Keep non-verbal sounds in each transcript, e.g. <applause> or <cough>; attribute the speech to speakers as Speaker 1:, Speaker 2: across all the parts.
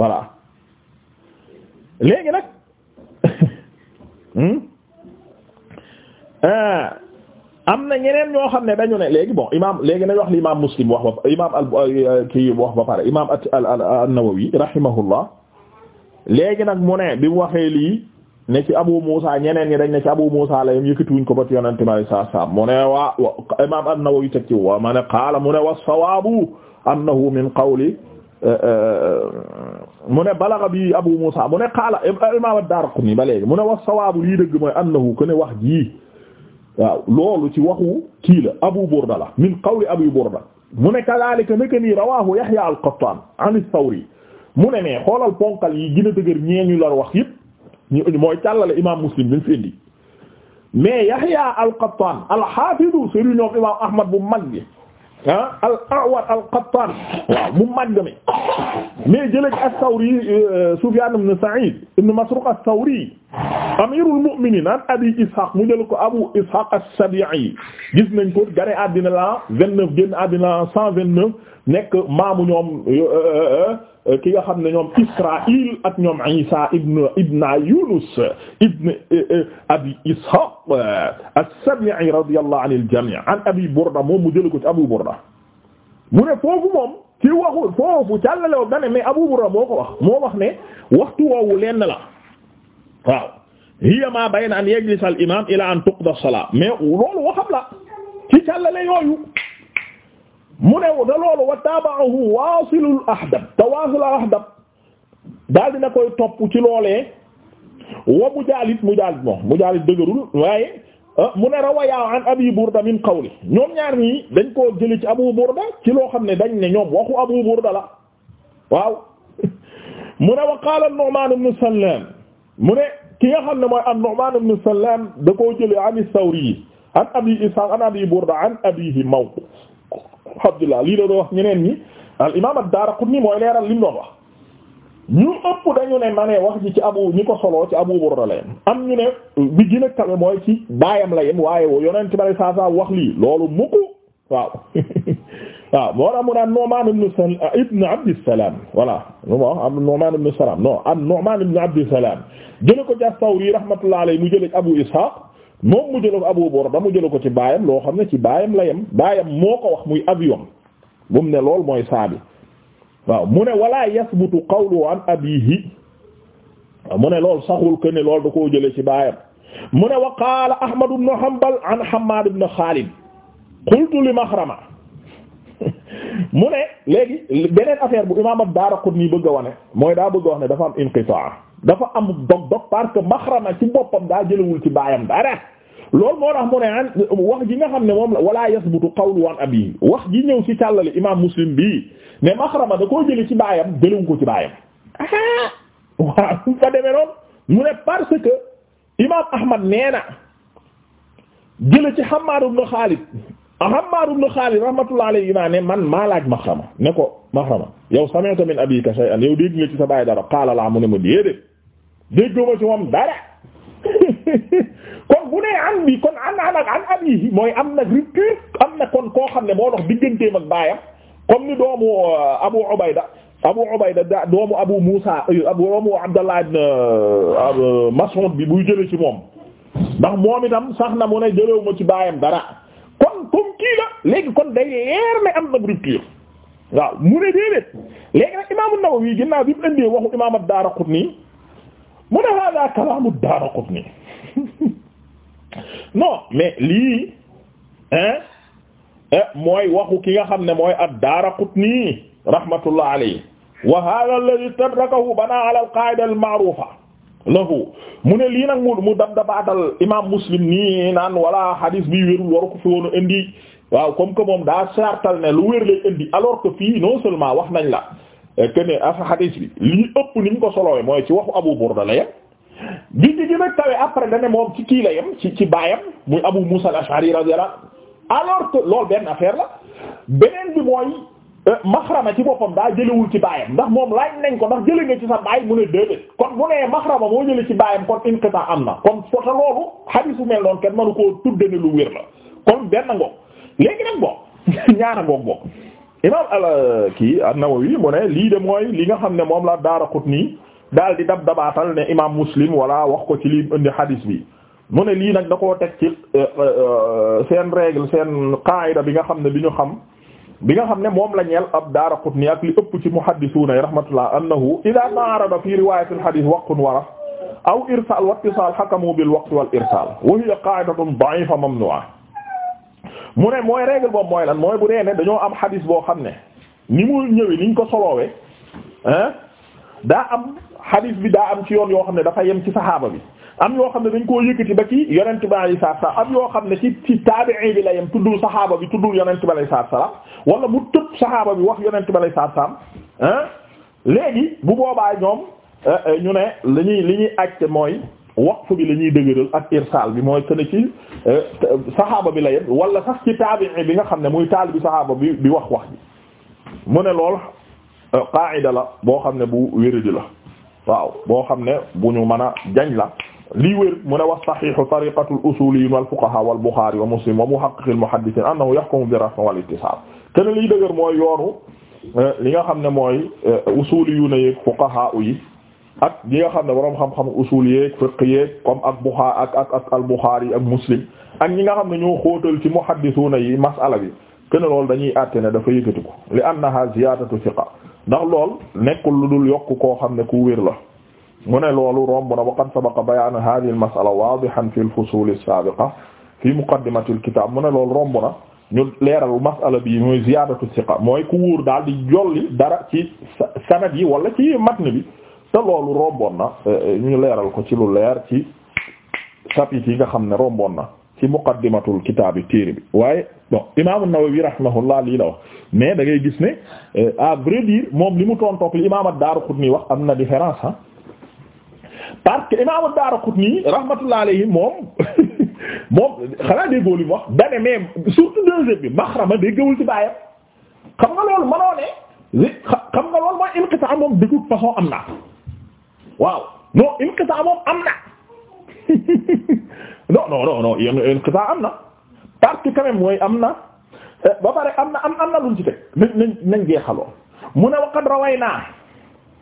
Speaker 1: voilà léegi nag hmm? euh, am na ñeneen ñoo xam ne dañu ne léegi bon imaam léegi nañ wax li imaam muslim wax ba imaam al kii wax ba pare imaam an-Nawawi rahimahullah léegi nag mu ne bi mu waxee lii ne ci Abu Musa ñeneen ñi dañ ne ci Abu Musa la yam yëkkatiwuñ ko ba ci yonente mi alai mu ne waa imaam an-Nawawi teg ci wa ma ne qaala mu ne wa sawaabu annahu min qawli Euh, euh, euh, mu ne balagha bi Abu Musa mu ne qaala imaam ad-Daraqutni ba léegi mu ne wax sawaabu lii dëgg mooy annahu ko ne wax jii waaw loolu ci waxu kii la Abu Burda la min qawli Abu Burda mu ne kadhalika naka nii rawaahu Yahya al-Qattan an ath-Thawri mu ne nee xoolal ponkal yi gën a dëgër ñee ñu la wax yëpp ñu mooy càllale imaam Muslim bi mu fi indi mais Yahya al-Qattan al-Hafiz sëriñ ñoom imaam Ahmad bu mag bi ah al awar al qattan waaw mu màgg mi mais jële ci as-Sawri euh, Sufyan ibn Sa'id ibn Masruq as-Sawri amirul mu'minin an abi ishaq mu jël ko abu ishaq as-sabi'i gis nañ ko gane àddina la vingt-neuf génn àddina la cent vingt-neuf nekk maamu ñoom euh, euh, euh, ki nga xam ne ñoom israil ak ñoom isa ibn ibn yunus ibn abi ishaq as-sabi'i radiyallahu anil jami' an abi burda moom mu jël ko ci abu burda mu ne foofu moom ci waxu foofu càllalew dane mais abu burda moo ko wax moo wax ne waxtu woowu lenn la waaw hiya ma bayna an yajlisa al imam ila an tuqda as-salat mais loolu waxam la ci càllale yooyu mu new da loolu wa taabaahu waasilul ahdab te waasilul ahdab daal dina koy topp ci loolee wa mujaalit mujaalit moom mujaalit dëgërul waaye ah, mu ne rawayaa an abi burda min qawli ñoom ñaar ñii dañ koo jëli ci abu burda ci loo xam ne dañ ne ñoom waxu abu burda la waaw <laughs> mu ne wa qaala an-nu'man ibn sallam mu ne ki nga xam ne mooy an-Nu'man ibn Salam da koo jëlee an as-Sawri an Abi Ishaq an Abi Burda an abihi lii la doon wax ñeneen ñi al imam ad-Daraqutni mooy leeral li mu doon wax ñu ëpp dañu ne ma ne wax ji ci abu ñi ko soloo ci Abu Burda la am ñu ne bi gën a mooy ci baayam la yem waaye yonent bari saa wax lii loolu mukk waaw <laughs> waaw mu ne an-Nu'man ibn Salam ibn Abd Salam voilà jële ko Jastawri rahmatullahi alayhi mu jële Abu Ishaq moom mu jële ko Abu Burda mu jële ko ci baayam loo xam ne ci baayam la yem baayam moo ko wax muy avion bu mu ne lool mooy saabi waaw mu ne wala yasbutu qawlu an abihi mu ne lool saxul que lool da koo jële ci baayam mu ne wa qaala Ahmad ibn Hanbal an Hammad ibn Khalid qultu li Maxrama <laughs> mu ne léegi beneen affaire bu imaam ad-Daaraqutni bëgg a wane mooy daa bëgg a wax ne dafa am inqitaa dafa am dog-dog parce que maxrama ci boppam daa jëlawul ci baayam dara lool moo tax mu ne an wax ji nga xam ne moom la wala yasbutu qawlu an abi wax ji ñëw ci càllale imam muslim bii ne maxrama da koo jële ci baayam jëlewu ko ci baayam waaw mu fa demee noonu mu ne parce que imam ahmad nee na jële ci Hammar ibn Khalid Hammar ibn Khalid rahmatullah alayhi naa ne man maa laaj maxrama ne ko maxrama yow sami'ta min abika shay'an yow dégg nga dara qaala laa mu ne ma déedéet dégguma ci moom dara kon bu nee an bi kon an an ak an ab mooy am nag rupture am na kon koo xam ne moo dox digganteem ak baayam comme ni doomu euh, Abu Ubayda Abu Ubayda da doomu Abu Musa euh, abu doomu Abdallah euh, bi buy jële ci moom ndax moom itam sax na mu ne jëlewuma ci baayam dara kon comme kii la léegi kon day leer ne am nag rupture waaw mu ne déedéet léegi nag Imaamu Nawawi ginnaaw bi mu indee waxu Imaam ad-Daraqutni mu ne hada kalaamu Daaraqutni <laughs> non mais lii hein eh, mooy waxu ki nga xam ne mooy ad-Daaraqutni rahmatullah alayhi wa hada alladhi tadrakahu bana ala al-qaa'ida al-ma'ruufa lahu mu ne lii nag mu mu a dabaatal imaam Muslim nii naan wala hadis bi wérul waru ko fi woonu indi waaw comme que moom daa sartal ne lu wér lay indi alors que fii non seulement wax nañ la que ne af hadis bi li ëpp ni mu ko solowee mooy ci waxu Abu Burda la yem bi ci gën a tawee après dane moom ci kii la yem ci ci baayam muy Abu Musa al-Ash'ari radiyallahu alors que loolu benn affaire la beneen bi mooy euh, maxrama ci boppam daa jëlewul ci baayam ndax moom laaj nañ ko ndax jële nga ci sa baay mu ne déedéet kon bu nee maxrama moo jële ci baayam kon inqita am na kon fota loolu hadis bu mel noonu kenn mënu koo tudde ne lu wér la kon benn ngoog léegi <laughs> ñaara ngoog boo imam al euh, kii an-Nawawi mu ne lii de mooy li nga xam ne moom la Daaraqutni daal di dab dabaatal ne imam Muslim wala wax ko ci li indi hadis bi mu ne lii nag da koo teg ci euh, euh, seen règle seen qaayida bi nga xam ne bi ñu xam bi nga xam ne moom la ñeel ab Daaraqutni ak li ëpp ci muhaddisuuna yi rahmatullah annahu ida ta'arada fi riwayat al-hadith waqtun wa raf aw irsal wa ittisal hakamu bil waqt wal irsal wa hiya qa'idatun da'ifa mamnu'a mu ne mooy règle boobu mooy lan mooy bu dee ne dañoo am xadis boo xam ne ni mu ñëwee ñu ko soloowe ah daa am xadis bi daa am ci yoon yoo xam ne dafa yem ci saxaaba bi am yoo xam ne dañ koo yëkkati ba ci yonent bi alayhi salaatu salaam am yoo xam ne ci ci taabi'i bi la yem tuddul saxaaba bi tuddul yonent bi alayhi salaatu salaam wala mu tëb saxaaba bi wax yonent bi alayhi salaatu salaam léegi bu boobaa ñoom euh, euh, ñu ne li ñuy li ñuy àcc mooy waqf bi la ñuy dëgëral ak irsaal bi mooy kenn ci euh, saxaaba bi la yem wala sax ci taabi'i bi nga xam ne muy taal bi saxaaba bi bi wax wax ji mu ne lool euh, qaa'ida la boo xam ne bu wéradi la waaw boo xam ne bu ñu mën a jañ la li wér mu ne wax saxiixu tariqatu al-usuuliyyiin wal fuqahaa wal buxaari wa muslim wa muhaqqiqil muhaddisiin annahu yaxkumu bi raf'i wal ittisaal kenn liy dëgër euh, li nga xam ne mooy usuuliyyiin yi fuqahaa yi ak ñi nga xam ne boroom xam-xam usul yeeg fiqh comme ak Buxaari ak ak yi ak Muslim ak ñi nga xam ne ñoo xóotal ci muhaddisuuna yi masala bi kene loolu dañuy àtte ne dafa yëkkati ko li annaha ziyaadatu thiqa ndax lool nekkul lu dul yokk koo xam ne ku wér la mu ne loolu romb na wa qad sabaqa bayaanu hadhihi al mas'ala waadihan fi al fusuul as saabiqa fi muqaddimati al kitaab mu ne loolu romb na ñu leeral mas'ala bi mooy ziyaadatu thiqa mooy ku daal di jolli dara ci sanad yi wala ci matn bi te loolu romboon na euh, euh, ñu leeral ko ci lu leer ci chapitre yi nga xam ne romboon na ci muqaddimatul kitaab yi téere bi waaye bon imaamu Nawawi rahimahullah lii la wax mais da ngay gis ne a euh, vrai moom li mu tontoog li imaam ad-Daaraqutni wax am na différence ah parce que imaam ad-Daaraqutni rahmatullah alayhi moom <laughs> moom xanaa déggoo li wax dane mais surtout deuxième bi maxrama déggawul ci bàyyam xam nga loolu mënoo ne xam nga loolu mooy inqita moom de am na waaw non inqita moom am na no <laughs> non non non inqita am na parce que quand mooy am na eh, ba pare am na am am na luñ ci teg nañ nañ nañ jeexaloo mu ne waqad rawaynaa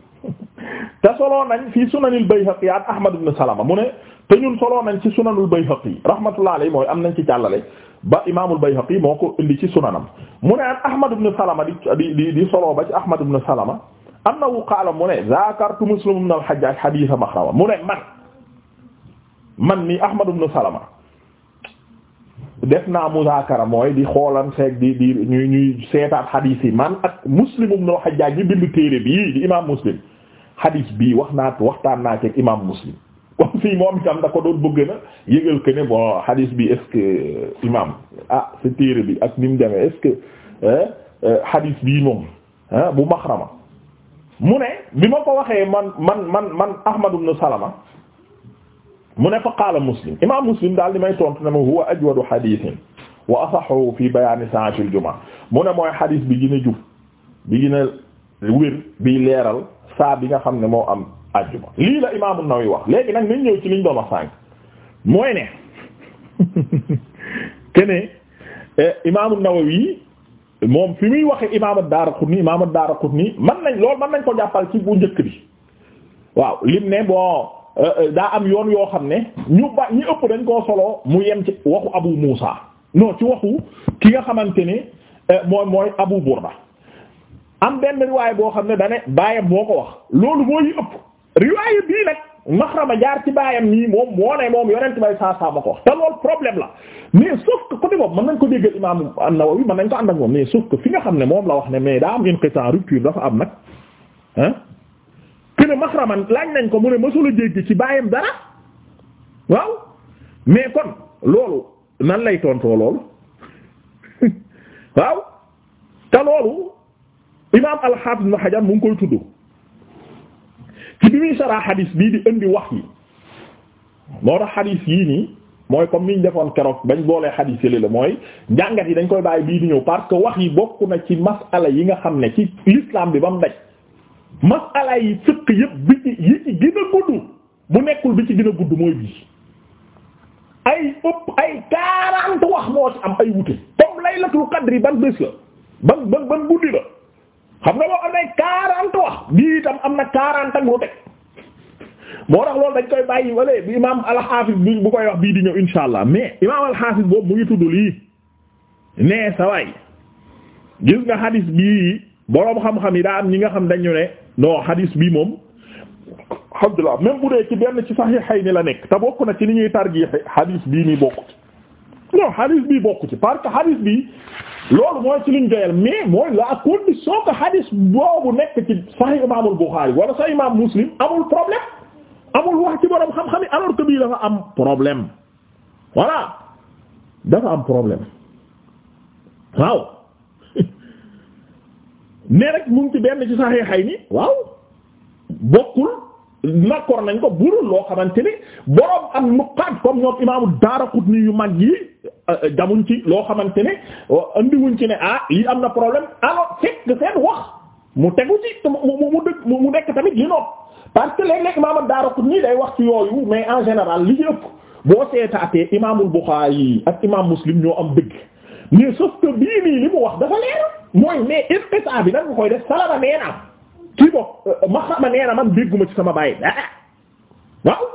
Speaker 1: <laughs> te soloo nañ fii sunanil Bayhaqi an Ahmad ibn Salama mu ne te ñun soloo nañ ci sunanul Bayhaqi rahmatullah alayhi mooy am nañ ci jàllale ba imaamul Bayhaqi moo ko indi ci sunanam mu ne an Ahmad ibn Salama di di di soloo ba ci Ahmad ibn Salama annahu qaala mu ne zakartu muslim ibn al-hajjaj hadith maxrama mu ne man man ni ahmad ibn salama def naa muzaakara mooy di xoolan seeg di di ñuy ñuy seetaat yi man ak muslim ibn al-hajjaj bi bind téere bii di imam muslim hadith bii wax naa waxtaan naa ceeg imam muslim comme fii moom itam da ko doon bëgg na yëgal que ne bon hadith bi est-ce que ah sa téere bi ak ni mu demee que euh, hadith bii moom bu maxrama mu ne bi ma ko waxee man man man man Ahmad ibn Salama mu ne fa qaala Muslim imaam Muslim daal di may tontu na ma huwa ajwadu hadiisin wa asahhu fi bayaani sa'atil jumaa mu ne mooy hadis bi gën a jub bi gën a wér bi leeral saa bi nga xam ne moo am ajjuma lii la imaam an wax léegi nag nañ ñëw ci liñ doon wax sànq mooy ne <laughs> kene eh, imaam An-Nawawi moom fi muy waxe imaam ad-Daaraqutni imaam ad nii man nañ lool mën nañ ko jàppal ci bu njëkk bi waaw lim ne bon euh, euh, daa am yoon yoo xam ne ñu ba ñu ëpp dañ koo soloo mu yem ci waxu Abu Muusa non ci waxu ki nga xamante ni euh, mooy mooy Abu Burda am benn riwaay boo xam ne dane bàyyam moo ko wax loolu moo yi ëpp riwaay bii nag maxrama jaar ci baayam nii moom moo ne moom yonent bay saa ma ko wax te loolu problème la mais sauf que côté boobu mën nañ ko déggal imam an-Nawawi mën nañ ko ànd ak moom mais sauf que fi nga xam ne moom la wax ne mais daa am inqitan rupture dafa am nag ah kene maxrama laaj nañ ko mu ne mësula jéggi ci baayam dara waaw mais kon loolu nan lay tontoo loolu <laughs> waaw te loolu imam al-Hafiz Ibn Hajar mu koy tudd ci bi muy saraa xadiis bii di indi wax yi moo tax xadiis yii nii mooy comme niñ defoon keroog bañ boolee xadiis yële la mooy njàngat yi dañ koy bàyyi bii di ñëw parce que wax yi bokk na ci masala yi nga xam ne ci l'islam bi ba mu daj masala yi fëkk yëpp bi ci yi ci gën gudd bu nekkul bi ci gën a gudd mooy bii ay ëpp ay quarante wax moo ci am ay wute comme laylatul qadri ban bés la ban ban ban guddi la xam nga boo amee quarante wax bii itam am na quarante ak lu teg moo tax loolu dañ koy bàyyi wala bi imaam alxaafis bi bu koy wax bii di ñëw insha allah mais imaam alxaafis boobu mu ngi tudd lii nee sa waay gis nga xadis bii boroom xam-xam yi daa am ñi nga xam dañu ne non xadis bii moom alhamdulillah même bu dee ci benn ci xay ni la nekk te bokk na ci ni ñuy tarjiix xadis bii nii bokk non xadis bii bokk ci xadis bii loolu mooy ci liñ doyal mais mooy la condition que hadis boobu nekk ci sahih imaamul Bukhari wala sahih imaam Muslim amul problème amul wax ci borom xam-xam yi alors que bii dafa am problème voilà dafa am problème waaw <laughs> ne rek mu ngi ci benn ci saxiixay ni waaw bokkul nakkoor nañ ko burul loo xamante ni boroom am nuqaat comme ñoom imaamu Daaraqutni yu mag yi Euh, jamuñ ci loo xamante ne euh, andiwuñ ci ne ah lii am na problème alors fekk seen wax mu tegu ci mu mu dëkk mu nekk tamit li noonu parce que léeg-léeg imaam Daaraqutni day wax ci yooyu mais en général li ci ëpp boo seetaatee imaamul Buxaari ak imaam Muslim ñoo am dëgg mais sauf que bii nii li mu wax dafa leer mooy mais espèce bi nag nga koy def salama nee na kii boog euh, ma xam nee na man dégguma ci sama baay waaw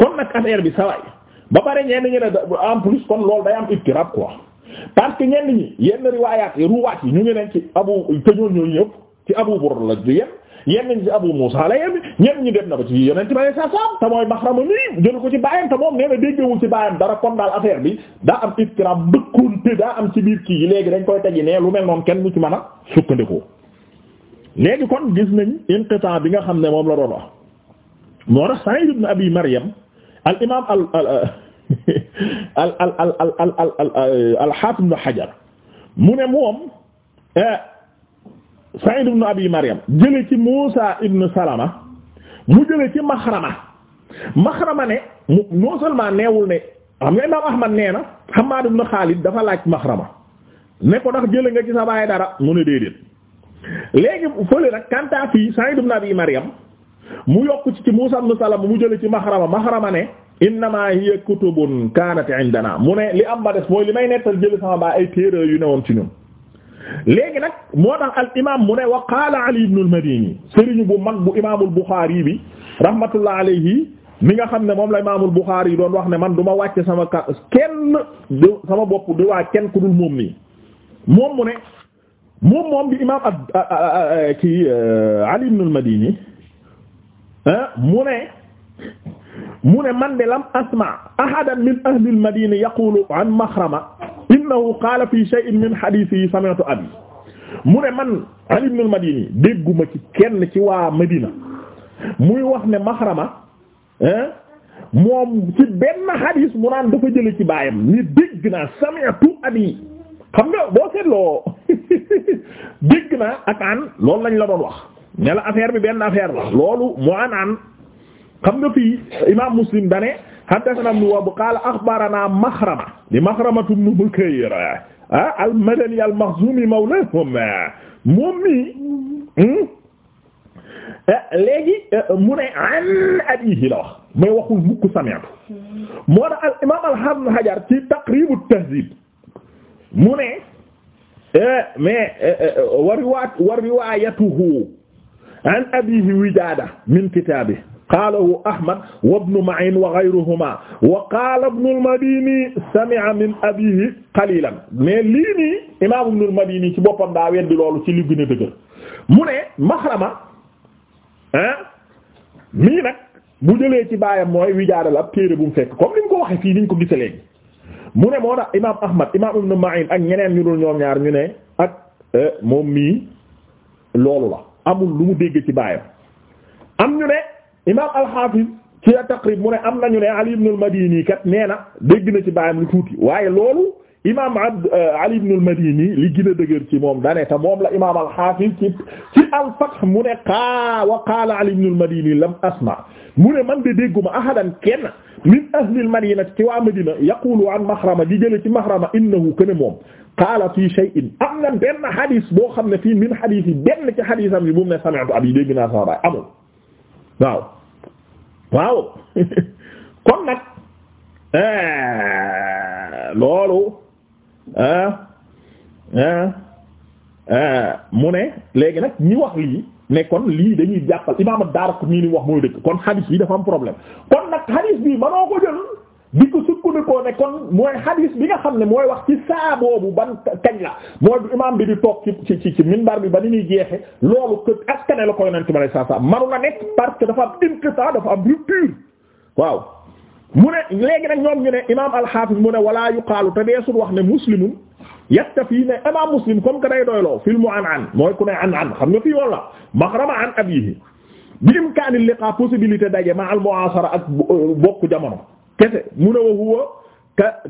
Speaker 1: kon nag affaire bi saway ba pare ñenn ñi ne en plus kon loolu day am ittirab quoi parce que ñenn ñi yenn riwaayaat yi ruwaat yi ñu ngi leen ci abu te ñooñu ñëpp ci abu burda la yem yenn ñi ci abu musa la yem ñenn ñi dem na ba ci yonent bi saa saam te mooy maxrama nii jël ko ci baayam te moom nee na déggewul ci baayam dara kon daal affaire bi daa am ittirab bëkkunte daa am ci biir kii yi léegi dañ koy tegi ne lu mel noonu kenn du ci man a sukkandikoo léegi kon gis nañ inqitan bi nga xam ne moom la doon wax moo tax Sa'id ibn Abi Maryam al imaam al al al al al al al al al Haafiz ibn Hajar mu ne moom eh, Saïd ibn Abi Maryam jële ci Muusa ibn Salama mu jële ci Maxrama Maxrama ne mu non neewul ne xam nga imaam Ahmad nee na Hammaad ibn Xaalid dafa laaj Maxrama ne ko ndax jële nga ci sa baay dara mu ne déedéet léegi fële nag kanta fii Saïd ibn Abi Maryam mu yokk ci ci Muusaa ibn Salama mu jële ci Maxrama Maxrama ne innama hiya kutubun kaanat indana mu ne li am ba des mooy li may nettal jële sama baa ay téere yu ne woon ci ñun léegi nag moo tax al imam mu ne wa qaala Ali ibn al-Madini sëriñu bu mag bu imaamul Buxaari bi rahmatullah alayhi mi nga xam ne moom la imaamul Buxaari yi doon wax ne man du ma wàcce sama ka kenn du sama bopp du waa kenn ku dul moom nii moom mu ne moom moom bi imam ak ki euh, Ali ibn al-Madini mu ne mu ne man de lam asma ahadan min ahli al-madina yaqulu an Maxrama innahu qaala fi shay'in min hadiisihi sami'tu abi mu ne man Ali ibn dégguma ci kenn ci waa Medina muy wax ne Maxrama moom ci benn hadis mu naan dafa jële ci baayam ni dégg naa sami'tu abi xam nga boo seetloo <laughs> dégg naa ak an loolu lañ la doon wax ne la affaire bi benn affaire la loolu mu an an xam nga fii imaam Muslim dane haddathana ibn Wahb qaala akhbarana Makhrama di Makhramatu ibn Bukayr ah al-Madani al-Makhzumi mawlahum moom mii hmm? eh, léegi eh, mu ne an abiihi la wax may waxul mukk sami'tu moo tax al imaam al-Hafiz Hajar ci Taqrib at-Tahdhib mu ne eh, mais wa riwaayatuhu an abiihi wijaada min kitaabihi qaalahu Ahmad wa ibnu Ma'iin wa ghayruhumaa wa qaala ibnul Madiini sami'a min abiihi qaliilan mais lii nii imaam ibnul Madiini ci boppam daa weddi loolu ci li gën a dëgër mu ne Maxrama ah mii nag bu jëlee ci baayam mooy wijaada la ab téere bu mu fekk comme ni mu ko waxee fii ni ñu ko gisee léegi mu ne moo tax imaam Ahmad imaam ibnu Ma'iin ak ñeneen ñu dul ñoom ñaar ñu ne ak euh, moom mii loolu la. amul lu mu dégg ci baayam am ñu ne imaam al-Hafiz ci Taqrib mu ne am nañu ne Ali ibn al-Madini kat nee na dégg na ci baayam lu tuuti waaye loolu imaam Abd euh, Ali ibn al-Madini li gën a dëgër ci moom dane te moom la imaam al-Hafiz ci ci al-Fath mu ne qaa wa qaala Ali ibn al-Madini lam asma mu ne man de dégguma ahadan kenn min ahli al-Madinati ci waa Madina yaqulu an Mahrama di jële ci Mahrama innahu kana moom qaala fii shay'in am na benn hadis boo xam ne fii min hadis yi benn ci hadisam yi bu mu ne sami'tu abi dégg naa sama baay amul waaw waaw <laughs> kon nag eh, loolu mu ne léegi nag ñi wax lii ne kon lii dañuy jàppal imaam Daaraqutni li wax mooy dëkk kon hadith yi dafa am problème kon nag hadith bi manoo ko jël di ko sukkandikoo ne kon mooy hadith bi nga xam ne mooy wax ci saa bu ban kañ la mooy imaam bi di toog ci ci ci minbar bi ba ni ñuy jeexe loolu que askan la ko Yonent ma sallallahu alayhi wasallam manu la nekk parce que dafa am inqita dafa am rupture waaw. mu ne léegi nag ñoom ñu ne imaam alxaafis mu ne wala yuqaalu te deesul wax ne muslimun yaktafi ne imaam muslim comme que day doyloo fil mu an an mooy ku ne an an xam nga fii woon la maxrama an abihi bi imkaani liqa possibilité daje ma al mu'asara ak bokk jamono kese mu ne wa huwa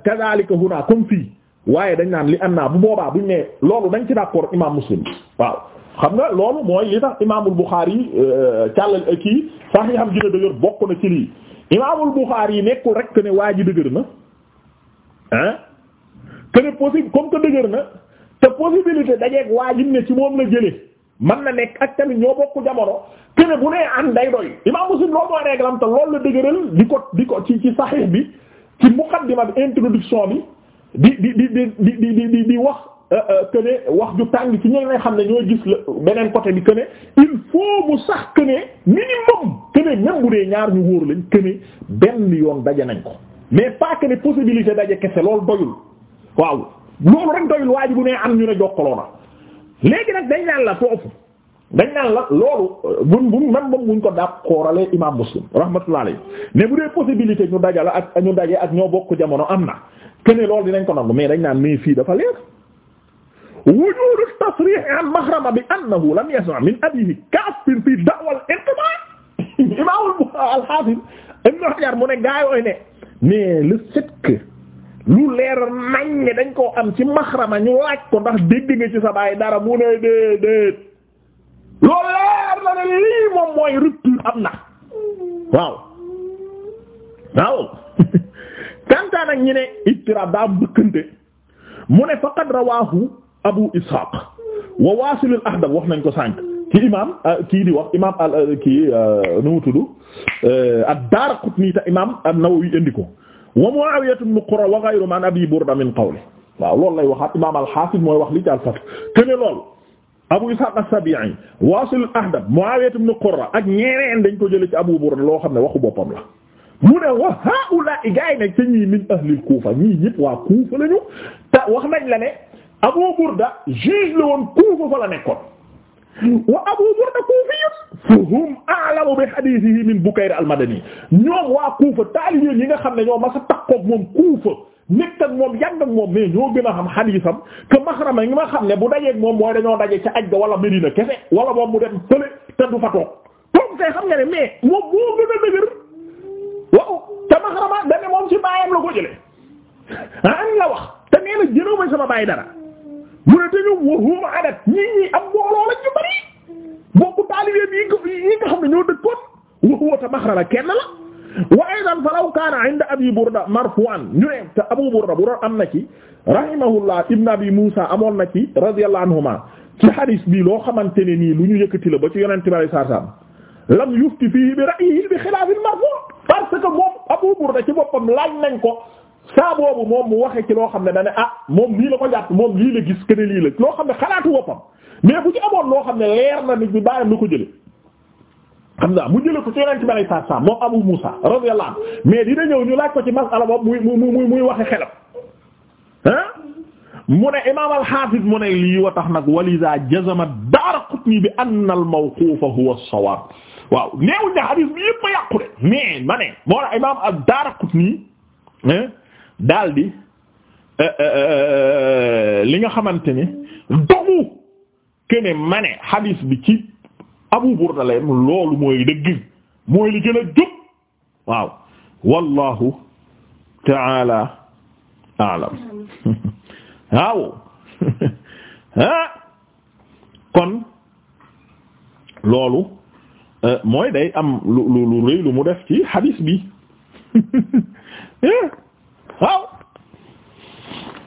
Speaker 1: kadhalika huna comme fii waaye dañ naan li an naa bu boobaa buñ ne loolu dañ ci d'accord imaam muslim waaw xam nga loolu mooy li tax imaamul Buxaari euh, càllal kii saxiixam gën a dëgër bokk na ci lii imaamul Buxaari yi nekkul rek que ne waa ji dëgër na ah que ne possible comme que dëgër na te possibilité dajeeg waa ji ne ci moom la jële man na nekk ak tamit ñoo bokk jamono que bu nee an day doy imaam Muslim loolu mooy réglam te la dëgëral di ko di ko ci ci Sahih bi ci muqaddima bi introduction bi di di di di di di di di wax. Euh, euh, que ne wax ju tàng ci ñeneen xam ne ñoo gis beneen côté bi que ne il faut mu sax que ne minimum que ne bu dee ñaar ñu wóor lañ que benn yoon daje nañ ko mais pas que ne possibilité daje kese loolu doyul waaw loolu rek doyul waa bu nee am ñu ne jokkaloo na léegi nag dañ naan la foofu dañ naan la loolu buñ buñ même moom buñ ko daab xooralee imam muslim rahmatullah alayhi mais bu dee possibilité ñu daja dajala ak ñu daje ak ñoo bokk jamono am na que ne loolu dinañ ko nangu mais dañ naan fii dafa wujuud tasriih an mahrama bi annahu lam yasma' min abiihi kaafir fi da'wal intimaa imaam al-Haafiz Ibn Hajar mu ne gaayooy ne mais le fait que lu leer nañ dañ koo am ci mahrama ñu laaj ko ndax dégg nga ci sa dara mu ne déet déet leer na ne lii moom mooy rupture am na waaw waaw <laughs> kantaan ñi ne ittiraab daa bëkkante mu ne faqad rawaahu Abu Ishaq wa Waasil al-Ahdab wax nañ ko sànq ci imaam euh, kii di wax imaam al euh, ki euh, nu mu tudd ad-Daaraqutni te imaam an-Nawawi indi ko wa Mu'aawiya ibn Qurra wa ghayruhum an Abi Burda min qawli waaw loolu lay waxaat imaam al-Haafiz mooy wax li ci al-Fath te ne loolu Abu Ishaq as-Sabi'i Waasil al-Ahdab Mu'aawiya ibn Qurra ak ñeneen dañ ko jële ci Abu Burda loo xam ne waxu boppam la. mu ne wa haa'ulaa'i gaa yi nag te ñii min ahlil Kuufa ñii ñëpp waa Kuufa lañu te wax nañ Abu Burda juge la woon Kuufa fa la nekkoon wa Abu Burda kuufiyyun fa hum a'lamu bi hadithihi min Bukayr al-Madani ñoom waa Kuufa taalibe yi nga xam ne ñoo ma a takkook moom Kuufa nekk ak moom yàgg ak moom mais ñoo gën a xam haditham que Maxrama ngi nga xam ne bu dajeeg moom mooy dañoo daje ca aj ga wala Medina kese wala moom mu dem fële te du fa toog toog kay xam nga ne mais moom moo gën a dëgër waaw te Maxrama dañ moom ci baayam la ko jëlee ah sama baay dara. mu ne dañu wóoruma adat ñii ñii am mbooloo lañ ñu bari bokku taalibeem yi nga yi nga xam am ñoo dëkkoon waxuwata maxrala kenn la wa aydan falaw kaana abi burda marfu'an ñu am na ci rahimahullah ibn abi musa amoon na ci radiyallahu anhuma ci bi loo xamante ne nii lu ñu ba ci yonente bi sallallahu alayhi wasallam lam yufti fihi bi ra'yihi bi xilaaf al marfu' abu burda ci boppam laaj nañ ko saa boobu moom mu waxee ci loo xam ne da ne ah moom lii la ko jàpp moom lii la gis que ne lii la loo xam ne xalaatu woppam mais bu ci amoon loo xam ne leer na nit ñi bàyyam ko jële xam nga mu jële ko ci yonent bi alayhi salaam moom Abu Muusa radiyallahu anhu mais dina ñëw ñu laaj ko ci masala boobu muy muy muy muy waxe xelam ah mu ne imaam al-Hafiz mu ne lii wa tax nag waliza jazama Daaraqutni bi anna al-mawquufa huwa as-sawaab waaw neewuñ ne hadith bi yëpp ma yàqu de ma ne moo la imaam daal daldi euh, euh, euh, li nga xamante ni dogu kene ma ne bi ci Abu Burda loolu mooy dëgg mooy li gën a jub waaw wallahu taala alam <laughs> waaw <laughs> ah kon loolu mooy day am lu lu lu lu mu def ci xadiis bi <laughs> eh? waaw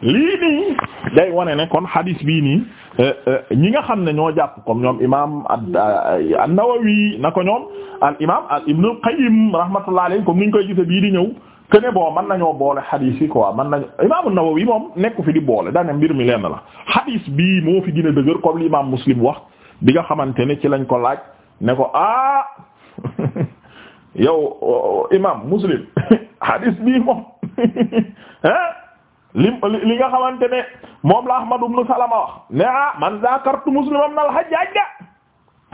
Speaker 1: lii nii day wane ne kon hadis bii nii eh, eh, ñi nga xam ne ñoo jàpp comme ñoom imaam eh, an-Nawawi na ko ñoom al imaam al Ibn qayyim rahmatullah alayhi comme ni ñu koy gisee bii di ñëw que ne bon mën nañoo boole hadis yi quoi mën nañu imaam an-Nawawi moom nekku fi di boole daan mbir mi lenn la hadis bii moo fi gën a dëgër comme li imaam Muslim wax bi nga xamante ne ci lañ ko laaj ne ko ah <laughs> yow oh, oh, imaam Muslim hadis <laughs> bii moom. <laughs> Eh, li li nga xamante ne moom la Ahmad ibn Salama ne ah man zakartu musliman al Hajjaj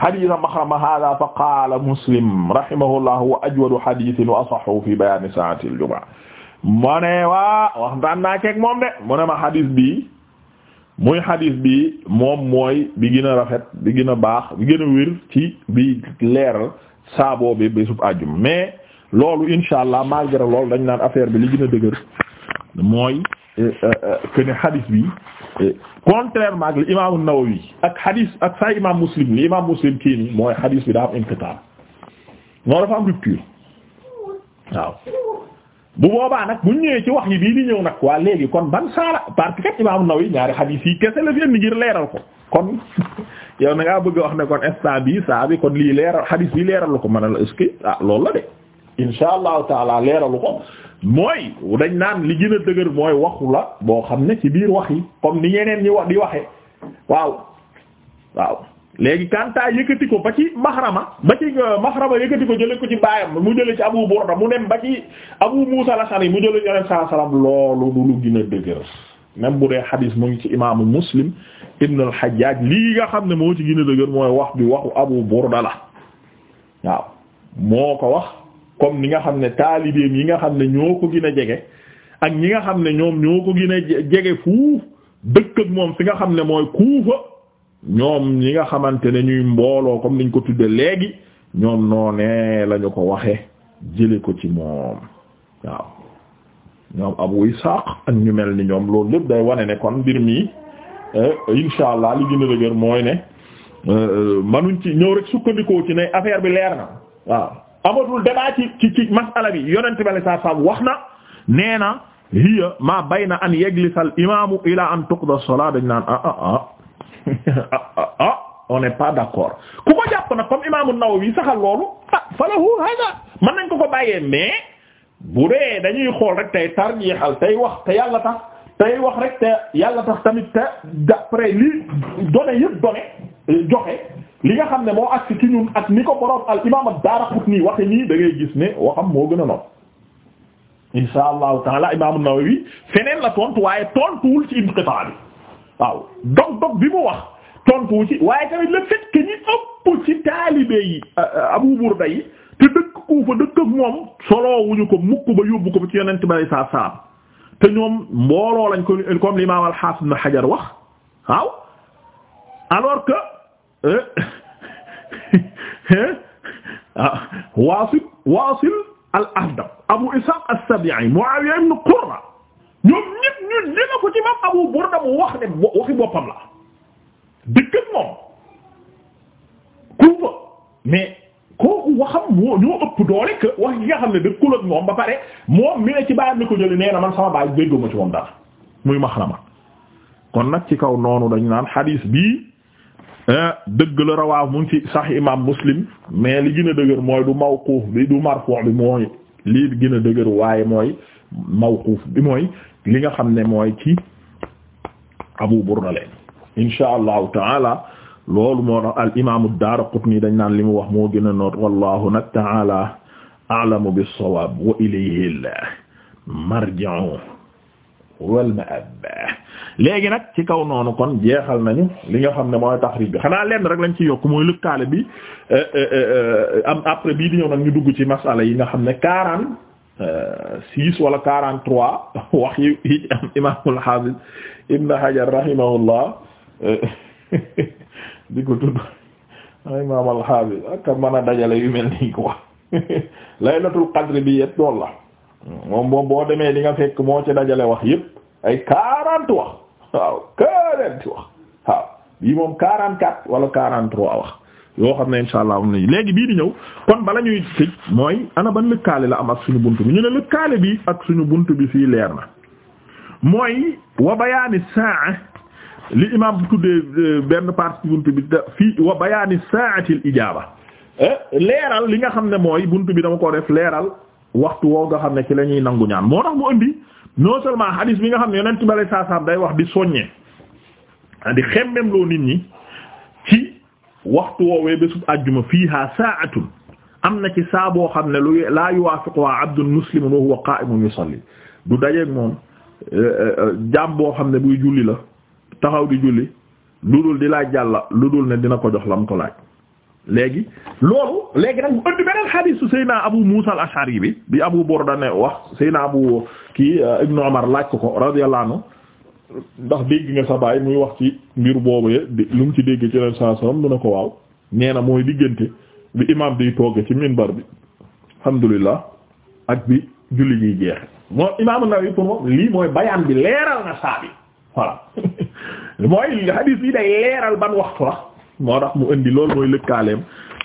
Speaker 1: haditha mahrama hadha fa qala Muslim rahimahullah wa ajwadu hadithin wa asahhu fi bayan sa'ati al jumu'a mu ne waa waxtaan naa ceeg moom de mu ma hadith bi muy bi moom mooy bi gën a rafet bi gën a baax bi gën a wér ci bi leer saaboo bi loolu insha allah malgré loolu dañ naan affaire bi li gën a dëgër mooy eh, eh, eh, que ne hadis bi contrairement ak li imam nawawi ak hadis ak saa imam Muslim li imam Muslim kii mooy hadis bi daa am inqitaa noo dafa waaw bu boobaa nag bu ñëwee ci wax gi bii di ñëw nag waa léegi kon ban saala parce que imam nawawi ñaari hadis yi kese la fi indi ngir leeral ko kon <laughs> yow na ngaa bëgg a wax ne kon instant bi saa kon lii leeral hadis bi leeral ko mën la est-ce que ah, insha allahu taala leeralu ko mooy dañ naan li gën dëgër mooy waxu la boo xam ne ci biir wax yi comme ni ñeneen ñi wax di waxe waaw waaw léegi kantaa yëkkati ko ba ci maxrama ba ci euh, maxrama yëkkati ko jële ko ci baayam mu jële ci abu burda mu dem ba ci abu muusa la sari mu jële ci saa salaam loolu du lu gën dëgër même bu dee xadiis mu ngi ci imaamu muslim ibn al xajaaj lii nga xam ne moo ci gën a dëgër mooy wax bi waxu abu burda la waaw moo ko wax comme ni nga xam ne taalibeem yi nga xam ne ñoo ko gën a jege ak ñi nga xam ne ñoom ñoo ko gën jege fuuf dëkk moom fi nga xam ne mooy kuufa ñoom ñi nga xamante ne ñuy mbooloo comme niñ ko tudde léegi ñoom noone lañu ko waxe jële ko ci moom waaw ñoom Abu Isaaq ak ñu mel ni ñoom loolu lépp day wane ne kon mbir mi eh, insha allah li gën a dëgër mooy ne eh, eh, manuñ ci ñëw rek sukkandikoo ci ne affaire bi leer na waaw amatul débat ci ci ci masala bi yonent wax na na hiya ma bayna an yajlisa al imaamu ila an tuqda salaa dañ naan ah ah ah. <laughs> ah ah ah on n'est pas d'accord ku ko jàpp nag comme imaamu Nawawi saxal loolu ah falahu hada mën nañ ko ko bàyyee mais bu dee dañuy xool rek tey tarjiixal tey wax te yàlla tax tey wax rek te yàlla tax tamit te d'après lii données yëpp données eh, joxe. li nga xam ne moo agsi ci ñun ak ni ko borom al imam ad-Daraqutni waxe nii da ngay gis ne waxam moo gën a noonu insha allahu taala imam an-Nawawi feneen la tontu waaye tontuwul ci inqitaa waaw dog dog bi mu wax tontuwu ci waaye tamit le fait que ñi ëpp ci taalibe yi euh, Abu Burda yi te dëkk ku fa dëkk moom soloowuñu ko mukk ba yóbbu ko ci yonent bi saa saam te ñoom mbooloo lañ ko comme l'imam al-Hafiz Ibn Hajar wax waaw alors que <laughs> Ah, waasil waasil al ahdab abu ishaq as-sabi'i muawiya ibn qurra ñoom ñëpp ñu jëla ko ci mam abu burda mu wax ne waxi boppam la dëkkat moom kuufa mais kooku waxam ñoo ëpp doole que wax yi nga xam ne dëkkul ak moom ba pare moom mi ne ci bàyyam ni ko jëli nee na man sama baay dégguma ci moom dara muy maxrama kon nag ci kaw noonu dañu naan xadiis bii Eh, dëgg la rawaaw mu ngi ci Sahih imam Muslim mais li gën a dëgër mooy du mawquuf bi du marfu' bi mooy lii gën a dëgër waaye mooy mawquuf bi mooy li nga xam ne mooy ci Abu Burda leen insha allahu taala loolu moo tax al imaamu Daaraqutni dañ naan li mu wax moo gën a noot wallahu nag taala a'lamu bis-sawaab wa ilayhi al-marji'u wal ma'aab léegi nag ci kaw noonu kon jeexal nañu li nga xam ne mooy taxrij bi xanaa lenn rek lañ ci yokk mooy lëkkaale bi euh, euh, euh, am après bii di ñëw nag ñu dugg ci masala yi nga xam ne quarante six wala quarante trois <laughs> wax yi yi am imaamul hafiz ibn hajar rahimahullah <laughs> di ko tudd <laughs> imaamul hafiz ak mën a dajale yu mel nii quoi laylatul qadr bi yëpp dool la moom moom boo demee di nga fekk moo ci dajale wax yëpp ay quarante wax waaw quarante wax waaw bii moom quarante quatre wala quarante trois wax yoo xam ne insha allah léegi bii di ñëw kon bala ñuy tëj mooy ana ba lëkkaale la am ak suñu bunt bi ñu ne lëkkaale bi ak suñu bunt bi fii leer na mooy wa bayaani saa li imaam tuddee euh, benn partie bunt bi da fii wa bayaani saatil ijaaba eh, leeral li nga xam ne mooy bunt bi dama ko def leeral waxtu woo nga xam ne ci la ñuy nangu ñaan moo tax mu indi non seulement hadis bi nga xam ne yonent bi sallallahu alayhi wasallam day wax di soññe di xemmem loo nit ñi ci waxtu woowee bésub àjjuma fiiha saa'atun am na ci saa boo xam ne lu laa yuwaafiqu waa abdun muslimun wa huwa qaa'imun yusalli du dajeeg moom eh, eh, jaam boo xam ne buy julli la taxaw di julli lu dul di laaj yàlla lu dul ne dina ko jox lam laaj léegi loolu léegi nag bu ëndi beneen xadiisu Seydina Abu Muusa al-Ash'ari bi bi Abu Burda ne wax Seydina Abu kii euh, Ibnu Umar laaj ko ko radiyallahu anhu ndax dégg nga sa baay muy wax ci ngir boobu lu mu ci dégg ci leen saa salaam dina ko waaw nee na mooy diggante bi imaam biy tooge ci minbar bi alhamdulillah ak bi julli ñuy jeex moom imaam An-Nawawi pour lii mooy bayaan bi leeral na saa bi voilà <laughs> mooy xadiis yi day leeral ban waxtu la moo tax mu indi loolu mooy lëkkaaleem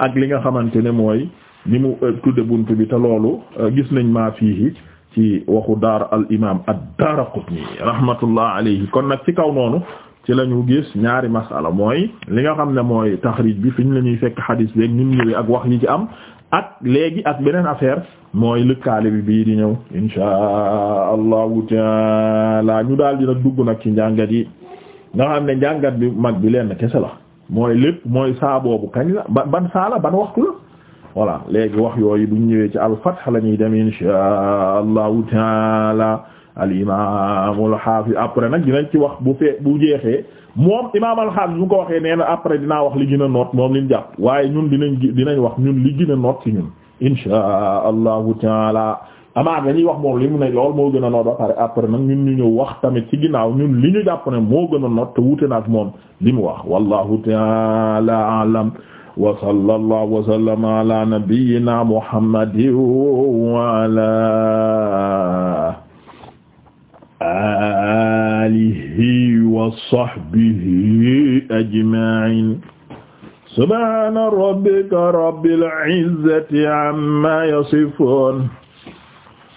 Speaker 1: ak li nga xamante ne mooy ni mu euh, tudde bunt bi te loolu euh, gis nañ maa fii ci waxu daar al imaam ad-Daaraqutni rahmatullah alayhi kon nag ci kaw noonu ci lañu gis ñaari masala mooy li nga xam ne mooy taxriij bi fi ñu la ñuy fekk xadiis beeg ni mu ñëwee ak wax yi ci am ak léegi ak beneen affaire mooy lëkkaale bi bii di ñëw inshaa allahu taala ñu daal dina dugg nag ci njàngat yi nga xam ne njàngat bi mag bi leen kese mooy lépp mooy saaboo bu kañ la ba ban saa ban waxtu la voilà léegi wax yooyu bu ñu ñëwee ci al-Fath la ñuy dem insha allahu taala al-imaam al-Haafiz après nag dinañ ci wax bu fee bu jeexee moom imaam al-Haafiz bu ko waxee nee na après dinaa wax li gën a noot moom li ñu jàpp waaye ñun dinañ dinañ wax ñun li gën a noot ci ñun insha allahu taala. amaat dañuy wax moom li mu ne lool moo gën a noot ba pare après nag ñun ñu ñëw wax tamit ci ginnaaw ñun li ñu jàpp ne moo gën a noot te wuute na ak moom li mu wax wallahu ta'ala a'lam wa sallallahu wa sallama ala nabiyyina muhammadin wa ala alihi wa sahbihi ajma'in subhana rabbika rabbil izzati amma yasifun